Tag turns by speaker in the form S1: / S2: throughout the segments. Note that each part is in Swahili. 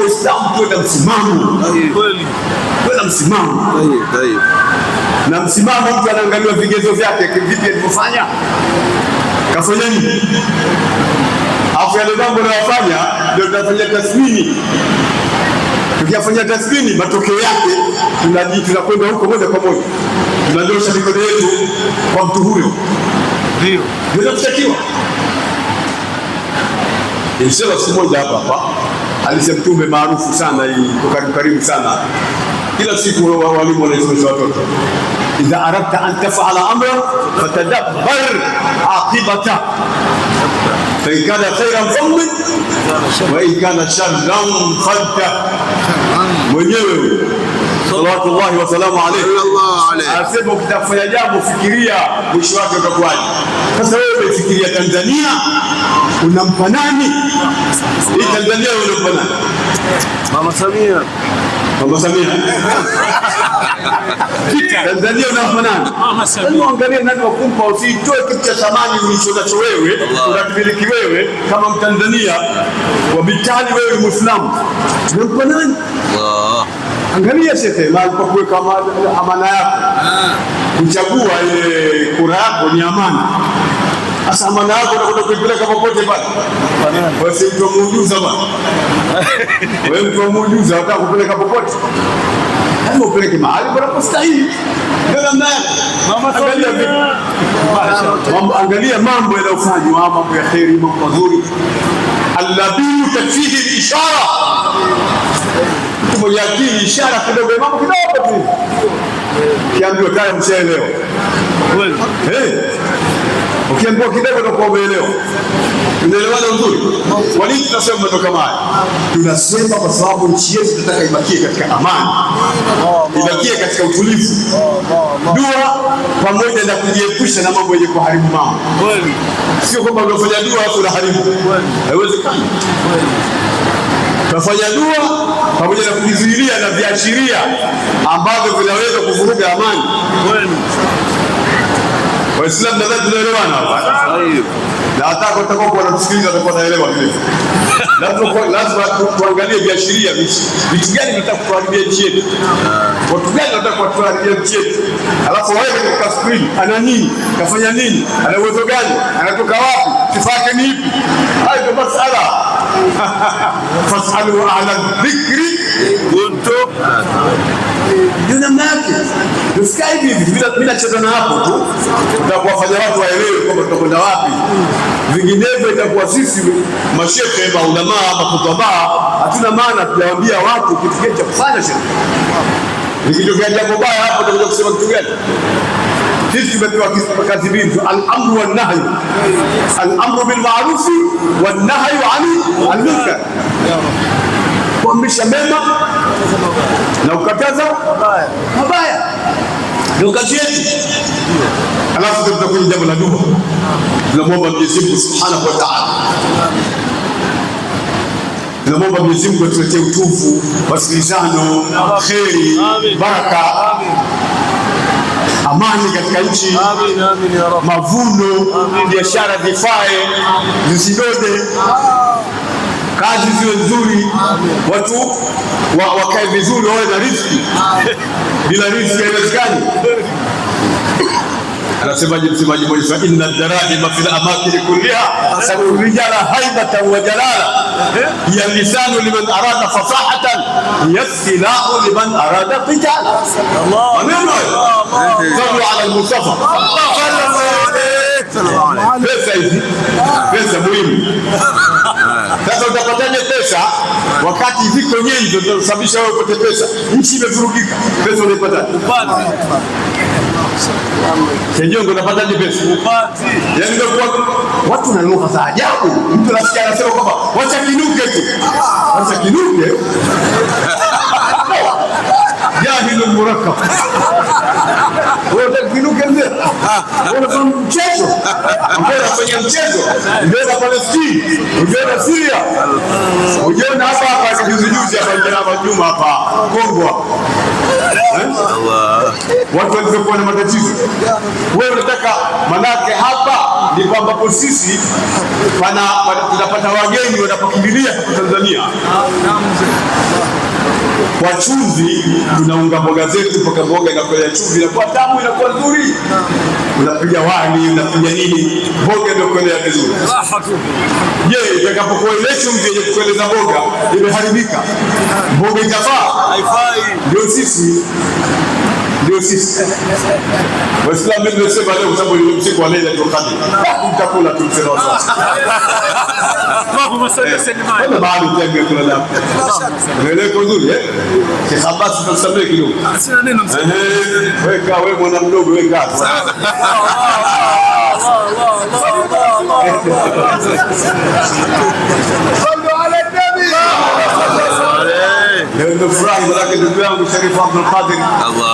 S1: lazima Waislamu tuwe na msimamo, tuwe na msimamo na msimamo. Mtu anaangaliwa vigezo vyake, vipi alivyofanya, kafanya nini, afu yale mambo anayofanya ndio tunafanya tathmini. Tukiyafanya tathmini, matokeo yake tunakwenda huko moja kwa moja, tunanyosha mikono yetu kwa mtu huyo, ndio tunatakiwa. Nilisema siku moja hapa hapa Alisia Mtume maarufu sana hii, karibu sana kila siku walimu wanaisomesha watoto idha aradta an tafala amra fatadabbar aqibata fain kana khairan famin wa in kana sharran fanta mwenyewe salawatullahi wasalamu alayhi, asema ukitafanya jambo fikiria mwisho wake utakuwaje. Sasa wewe umefikiria Tanzania unampa nani? Hii Tanzania unampa nani? Mama Samia, Mama Samia Tanzania unampa nani? Mama Samia. Angalia nani wa kumpa, usitoe kitu cha thamani ulicho nacho wewe, unakimiliki wewe kama Mtanzania wa bitali, wewe Muislamu, unampa nani? Allah Angalia shekhe, mahali pa kuweka amana yako, ah. kuchagua ile eh, kura yako ni amana. Sasa amana yako unakwenda kuipeleka popote pale, Kwa basi mtu muujuza bwana, wewe mtu muujuza, unataka kupeleka popote, lazima upeleke mahali bora panapostahili. Angalia mambo yanayofanywa, mambo ya kheri, mambo mazuri, alladhi tafihi al-ishara mtu mwenye akili, ishara kidogo, mambo kidogo tu kiambiwa tayari mshaelewa. Eh? Ukiambiwa kidogo utakuwa umeelewa. Unaelewana nzuri Kwa nini tunasema mambo kama haya? Tunasema kwa sababu nchi yetu tunataka ibakie katika amani, ibakie katika utulivu, dua pamoja na kujiepusha na mambo yenye kuharibu mambo. Sio kwamba unafanya dua afu unaharibu, haiwezekani. Tunafanya dua pamoja na kuvizuilia na viashiria ambavyo vinaweza kuvuruga amani. Waislamu, nadhani tunaelewana hapa na hata kwa kusikiliza watakuwa wanaelewa vile. Lazima lazima tuangalie viashiria vitu gani vinataka nchi yetu, Kwa watu gani wanataka kutuharibia nchi yetu, alafu wewe kwa screen ana nini, kafanya nini, ana uwezo gani, anatoka wapi, sifa yake ni ipi? Hayo ndio masuala. fasalu ala dhikri kuntu, ndio namna yake Tusikae hivi mimi nacheza na hapo tu, tutakuwafanya watu waelewe kwamba tutakwenda wapi, vinginevyo itakuwa sisi mashehe maulamaa makutaba hatuna maana tujawaambia watu kitu gani cha kufanya. Shehe, nikitokea jambo baya hapo utakuja kusema kitu gani? Sisi tumepewa kadhibin al-amru wan nahy, al-amru bil ma'ruf wan nahy anil munkar, kuamrisha mema na ukataza mabaya ni wakati wetu. Alafu tutakuja jambo la dua, tunamwomba Mwenyezi Mungu Subhanahu wa Ta'ala, tunamwomba Mwenyezi Mungu atuletee utufu, wasikilizano, kheri, baraka, amani katika nchi, mavuno, biashara zifae, zisidode kazi ziwe nzuri, watu wakae vizuri, wawe na riziki. Bila riziki haiwezekani. anasemaje msemaji mmoja sasa, inna darahima fil amakin kulliha asabu rijala haibatan wa jalala ya lisanu liman arada fasahatan ya silahu liman arada qitala. Maneno sallu ala Mustafa pesa hizi pesa muhimu. Sasa utapataje pesa wakati ziko nyingi zinazosababisha wewe upate pesa? Nchi imevurugika, pesa unaipata upate Kenjongo unapataje pesa? Upati. Yaani ndio watu na lugha za ajabu. Mtu nasikia anasema kwamba wacha kinuke tu. Ah. Wacha kinuke. Jahilun murakkab. Ah. Wewe kinuke ndio. Ah. Wewe unafanya mchezo katika mchezo, uliona Palestina, uliona Syria, uliona hapa hapa juzi juzi hapa Juma hapa Kongo, eh? watu walivyokuwa na matatizo. Wewe unataka manake, hapa ni ambapo sisi tunapata wageni wanapokimbilia Tanzania kwa chumvi, tunaunga mboga zetu mpaka mboga inakolea chumvi, inakuwa tamu, inakuwa nzuri. Unapiga wani, unapiga nini, mboga inakolea vizuri. Je, itakapokuelea chumvi yenye kukoleza mboga imeharibika, mboga itafaa? Haifai. Ndio sisi ndio sisi Waislamu ndio sema leo, kwa sababu ile usiku wa Laila tukadi mtakula tu mchana wa sasa. Babu masala sema bado bado tenge kula damu. Unaelewa vizuri eh? Sheikh Abbas tusamehe kidogo. Sina neno msema. Weka wewe mwana mdogo weka hapo. Ndio furahi, manake ndugu yangu Sharifu Abdul Qadir. Allah.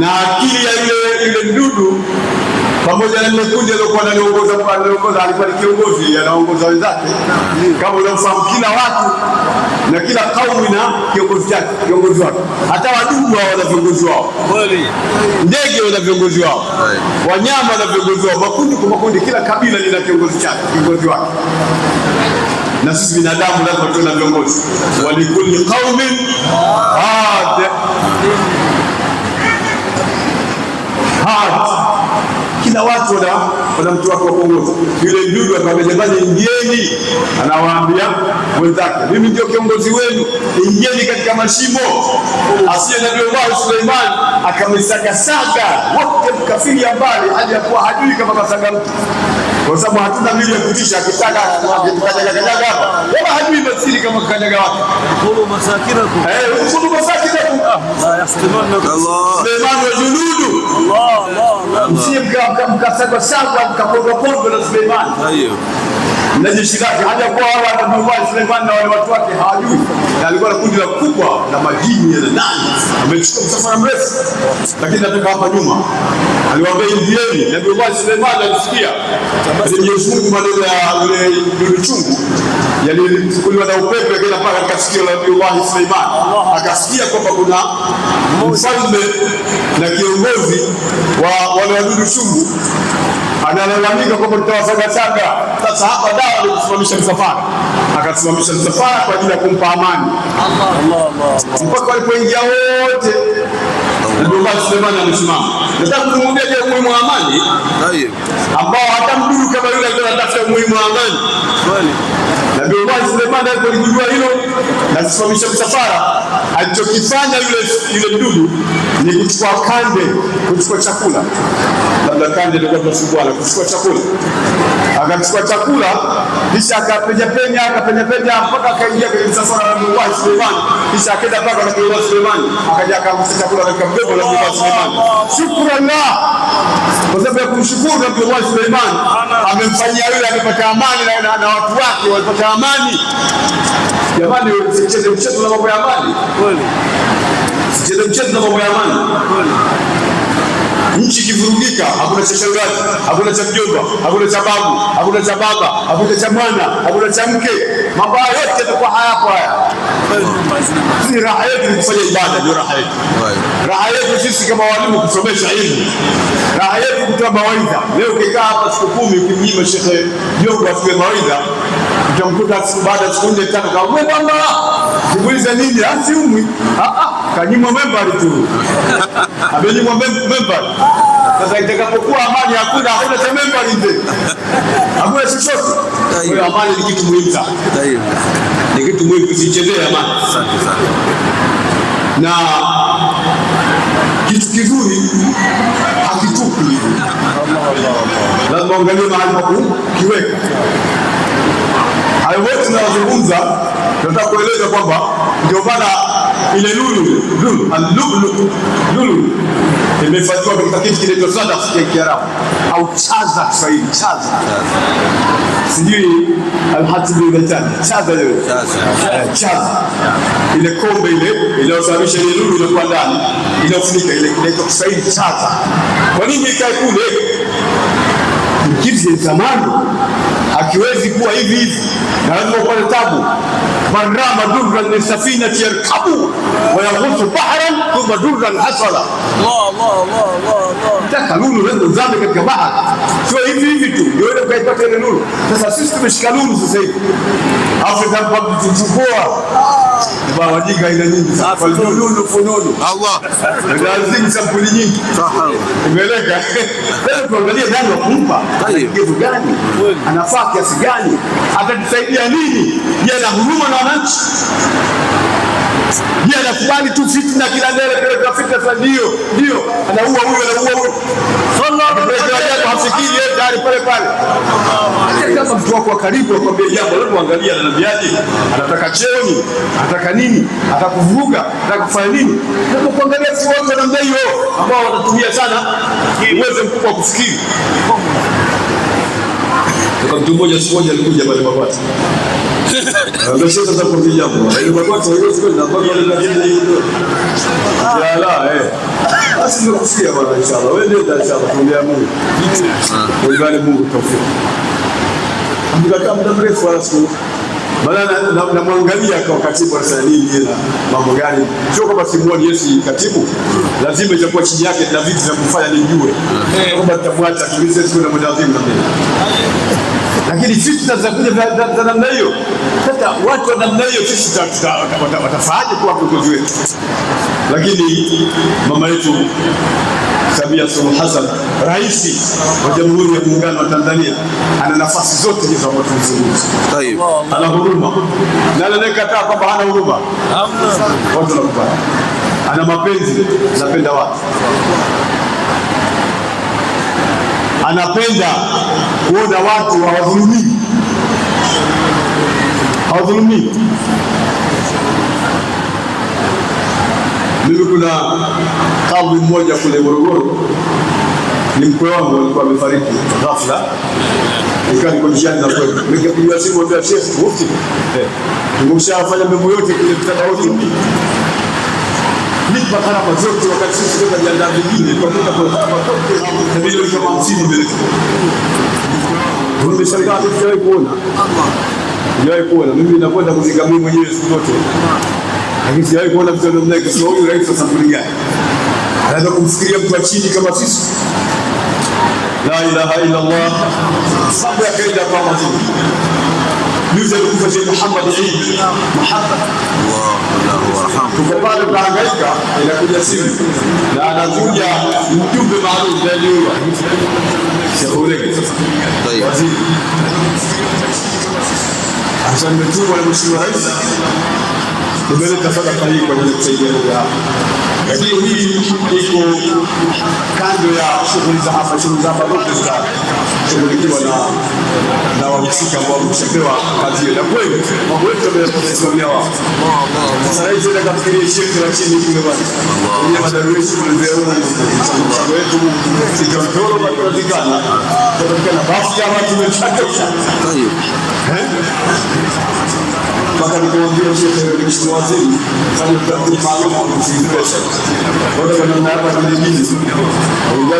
S1: na akili ya ile ile mdudu pamoja na ile kundi aliyokuwa analiongoza analiongoza, alikuwa ni kiongozi anaongoza wenzake, kama unafahamu kila watu na kila kaumu ina kiongozi chake, kiongozi wake. Hata wadudu wao wana viongozi wao, ndege wana viongozi wao, wanyama wana viongozi wao, makundi kwa makundi, kila kabila lina kiongozi chake, kiongozi wake. Na sisi binadamu lazima tuwe na viongozi, walikuli qaumin ah, heart. kila watu wana wana mtu wake wa kuongoza. Yule ndugu akamwambia, jamani, ingieni, anawaambia mwenzake, mimi ndio kiongozi wenu, ingieni katika mashimo. Asiye na viongozi Suleiman saka wote, mkafilia mbali, hadi akuwa hajui kama kasaga mtu, kwa sababu hatuna mili ya kutisha, akitaka akajaga wala hajui basiri kama kanyaga wake ukulu masakinakum eh, ah, Suleiman wa junudu, msie mkasagwasagwa mkapondwapondwa na Suleiman na jeshi lake. Hajakuwa wala Suleiman na wale watu wake hawajui, na alikuwa na kundi la kubwa na majini na nani, amechukua msafara mrefu, lakini natoka hapa nyuma aliwaambia ingieni. Nabii Suleiman alisikia Mwenyezi maneno ya yule chungu yaliyochukuliwa na upepo yakaenda mpaka katika sikio la Nabiullahi Suleiman, akasikia kwamba kuna mfalme na kiongozi wa wale wadudu chungu analalamika kwamba nitawasagasaga. Sasa hapa dawa ni kusimamisha msafara, akasimamisha msafara kwa ajili ya kumpa amani mpaka walipoingia wote Sulemani alisimama. Nataka kumwambia je, umuhimu wa amani ambao hata mdudu kama yule alikuwa anatafuta umuhimu wa amani wazi ndio maana Sulemani alipolijua hilo na kusimamisha msafara, alichokifanya yule yule mdudu ni kuchukua kande, kuchukua chakula la kande ndio tunasumbua na kuchukua chakula, akachukua chakula kisha akapenya penya akapenya penya mpaka akaingia kwenye msasa na Mullah Suleiman, kisha akaenda mpaka na Mullah Suleiman, akaja akamtia chakula katika mdomo wa Mullah Suleiman. Shukrani kwa sababu ya kumshukuru na Mullah Suleiman amemfanyia yule, amepata amani na na watu wake walipata amani. Jamani, msicheze mchezo na mambo ya amani, kweli msicheze mchezo na mambo ya amani, kweli Nchi ikivurugika, hakuna cha shangazi, hakuna cha mjomba, hakuna cha babu, hakuna cha baba, hakuna cha mwana, hakuna cha mke. Mambo haya yote yatakuwa hayapo. Haya ni raha yetu, kufanya ibada ndio raha yetu. Raha yetu sisi kama walimu kusomesha ilmu, raha yetu kutoa mawaidha. Leo ukikaa hapa siku kumi ukimnyima Shekhe Jongo asikupe mawaidha, utamkuta baada ya siku nne tano, kauwe bamba, nikuuliza nini? Asiumwi ah, ah kanyimwa membari tu amenyimwa membari. Sasa itakapokuwa amani hakuna hakuna cha membari nje, hakuna chochote. Kwa amani ni kitu muhimu sana, ni kitu muhimu kusichezea amani. Na kitu kizuri hakitupi, lazima uangalie mahali pa kukiweka. Hayo wote tunazungumza, tunataka kueleza kwamba ndio maana ile lulu lulu alulu lulu imefadhiwa katika kitu kinaitwa sadaf ya Kiarabu au chaza Kiswahili chaza, sijui alhatibu imetaja chaza ile eh, chaza, ile kombe ile inayosababisha ile lulu inakuwa ndani inayofunika ile kinaitwa Kiswahili chaza. Kwa nini ikae kule? Mkivye zamani akiwezi kuwa hivi hivi, na lazima upate tabu. man rama min safinati yarkabu wa yaghusu bahran thumma durran hasala. Taka lulu lazima uzame katika bahari, sio hivi hivi tu ndio ile ukaipata ile lulu. Sasa sisi tumeshika lulu sasa hivi, afu Wajinga aina nyingi sana, nono fonono, Allah lazima sampuli nyingi. Umeeleka leo, tuangalie nani wa kumpa kitu gani, anafaa kiasi gani, atatusaidia nini? Je, na huruma na wananchi Je, anakubali tu fitna kila ndele pale kwa fitna sana ndio ndio anaua huyo anaua huyo. Sallallahu alaihi wasallam hafikiri yeye ndani pale pale. Kama mtu wako karibu akwambia jambo leo angalia ananiambiaje? Anataka cheoni, anataka nini? Atakuvuga, atakufanya nini? Ndipo kuangalia si watu namna hiyo ambao watatumia sana uwezo mkubwa wa kufikiri kuna mtu mmoja siku moja alikuja pale Mabwata, ndio sasa kwa vijambo pale Mabwata, hiyo siku ndio kwa ile kile hiyo ya la eh, basi ndio kusikia bwana, inshallah wewe ndio dalili inshallah, tumbea Mungu ungane Mungu tofauti mkakaa muda mrefu alafu maana namwangalia kwa katibu anasema nini na mambo gani? Sio kwamba simuoni Yesu katibu, lazima itakuwa chini yake na vitu vya kufanya nijue eh. kwamba nitamwacha tulize siku na mwenda wazimu mimi lakini sisi zitakuja za namna hiyo. Sasa watu wa namna hiyo sisi watafahaje kuwa viongozi wetu? Lakini mama yetu Samia Suluhu Hassan, rais wa Jamhuri ya Muungano wa Tanzania, ana nafasi zote hizo ambazo tumezungumza. Ana huruma na anayekataa kwamba hana huruma, watu wanakubali. Ana mapenzi, anapenda watu, anapenda kuona watu hawadhulumii, hawadhulumii. Mimi kuna kadhi mmoja kule Morogoro, ni mkwe wangu alikuwa amefariki ghafla, nikawa niko njiani na kwenda, nikapigiwa simu, ambia shehe, mufti, tumeshafanya eh. mambo yote kule mtandaoni lipa gharama zote, wakati sisi tunajiandaa vingine kwa kuta kwa gharama zote na milioni kama hamsini mbele. Nimeshangaa tu sijawahi kuona, sijawahi kuona mimi nakwenda kuzika mimi mwenyewe siku zote, lakini sijawahi kuona vitu namna hiyo. Sio huyu rais wa sampuli gani anaweza kumfikiria mtu wa chini kama sisi? La ilaha illa Allah, sababu ya kaida kwa mazuri News ya kufa Sheikh Muhammad Eid Muhammad, tuko pale tunahangaika, inakuja simu na anakuja mjumbe maalum ndani Sheikh Ulege waziri hasa mtumwa na mheshimiwa rais umeleta sadaka hii kwa ajili ya kusaidia ndugu lakini hii iko kando ya shughuli za hapa, shughuli za hapa zote zitazo kushughulikiwa na na wahusika ambao wameshapewa kazi hiyo, na kweli mambo yote wamesimamia wao. Sasa hizi ndio kafikiria shirika la chini kule bwana, ile madarasa kuliona mchango wetu sikatoro kwa kupatikana kwa kupatikana, basi kama tumechakesha mpaka nimeambia mshekrekishni waziri fanye utaratibu maalum wa kusiiresha kwenda kwa namna hapa kijijini kauliwa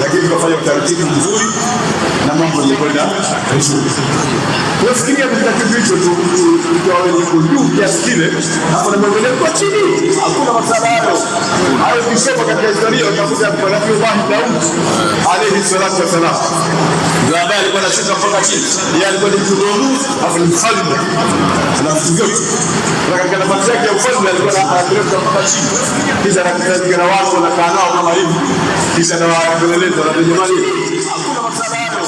S1: lakini kafanya utaratibu mzuri na mambo yamekwenda vizuri. Kufikiria katika kitu hicho tu ikawa wenye kujuu kiasi kile, hapo na mbele kwa chini hakuna masalao hayo. Kisoma katika historia utakuta kwa Nabii Daudi alayhi salatu kwa sanamu ndio ambaye alikuwa anashuka mpaka chini, yeye alikuwa ni mdogo afu ni mfalme na vitu vyote, na katika nafasi yake ya ufalme alikuwa anapeleka mpaka chini, kisha anakutanika na watu wanakaa nao kama hivi, kisha na wapeleleza na jamani, hakuna msalama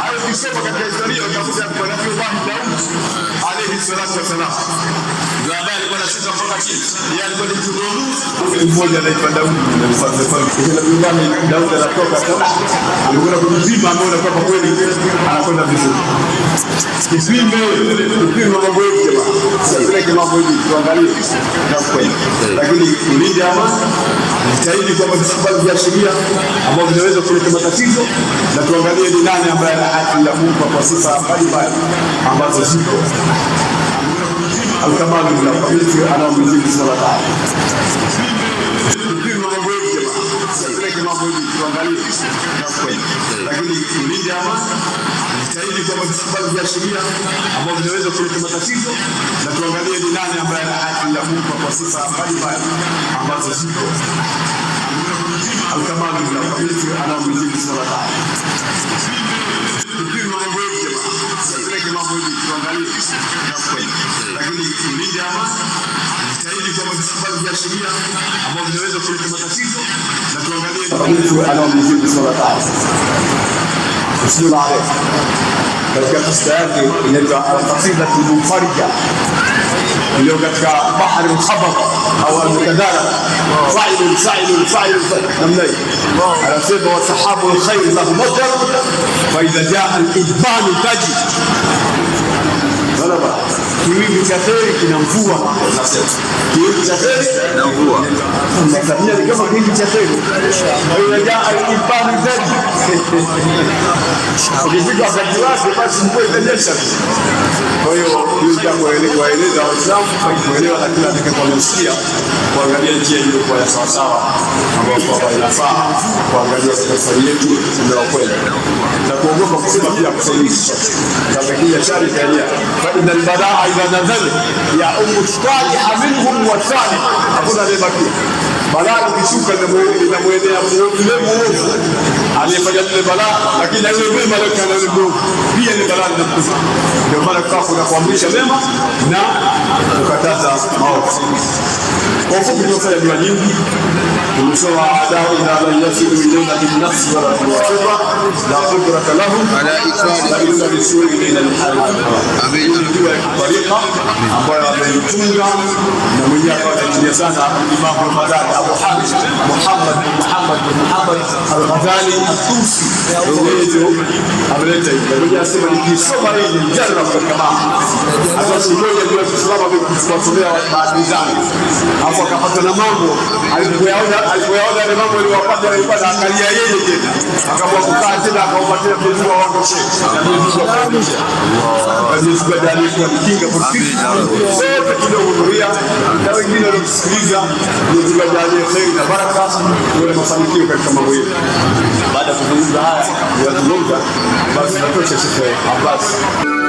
S1: hayo kisema katika historia ya Musa kwa nabii Daudi alayhi salatu wasalam mmoja anaitwa Daudi, Daudi jitahidi kwamba tusikubali viashiria ambao vinaweza kuleta matatizo, na tuangalie ni nani ambaye ana haki ya Mungu kwa sifa mbalimbali ambazo ziko alikamalina Kristo anaomiliki sala tatu. Lakini kulinda amani, jitahidi kwamba visibali sheria ambavyo vinaweza kuleta matatizo, na tuangalie ni nani ambaye ana haki ya Mungu kwa sifa mbalimbali ambazo ziko alkamali na Kristo anaomiliki sala tatu. tupeleke mambo hivi tuangalie tunakwenda, lakini tulinde amani, tutaidi kwamba tusikubali viashiria ambavyo vinaweza kuleta matatizo na tuangalie mtu anaomjibu swala tatu usio na katika kasida yake inaitwa alqasida lmunfarija اليوم قد بحر مخبط او متدارك فعل فعل فعل نملي على سيد وسحاب الخير له مجر فاذا جاء الادبان تجد غلبه kiwili cha heri kina mvua. kiwili cha heri kina mvua. Samia ni kama kiwili cha heri. Aliyejaa alipani zaidi. Ukifika wakati wake basi mvua itanyesha. Kwa hiyo hiyo jambo ile kuwaeleza Waislamu kuelewa na kila atakayeposikia kuangalia njia hiyo kwa ya sawa sawa ambayo kwa inafaa kuangalia safari yetu ndio kweli. Na kuogopa kusema pia kusaidisha. Tabakia shari kania. Fa inal badaa za dhambi ya umustaliha minhum wa salih, hakuna aliyebakia balaa likishuka inamwendea yule muovu aliyefanya lile balaa, lakini na yule mema aliyotenda Mungu pia ni balaa linamkuta. Ndio maana kukaa kuna kuamrisha mema na kukataza maovu. Kwa ufupi, tunafanya dua nyingi, tumesoma adau idha lam yasilu ilaina binnafsi wala bilfidda la qudrata lahu sabila bisuri ilaina lhari. Hiyo ni dua ya kitarika ambayo ameitunga na mwenyewe akawa anatumia sana Imamu Ramadhani Abu Muhammad Muhammad Muhammad al-Ghazali al-Tusi ndio ameleta hili. Ndio anasema nikisoma hili jana katika baba. Hata siku moja ndio tusimama kufuatilia maadili zangu. Hapo akapata na mambo alipoyaona alipoyaona ile mambo iliyopata alikuwa anaangalia yeye tena. Akaamua kukaa tena akaupatia mtu wa wangu shehe. Yesu badali ya kinga kwa sisi. Sote tunahudhuria na wengine wanasikiliza ndio tunajalia maji ya kheri na baraka, tuwe na mafanikio katika mambo yetu. Baada ya kuzungumza haya kuyazungumza, basi natosha Sheikh Abbas.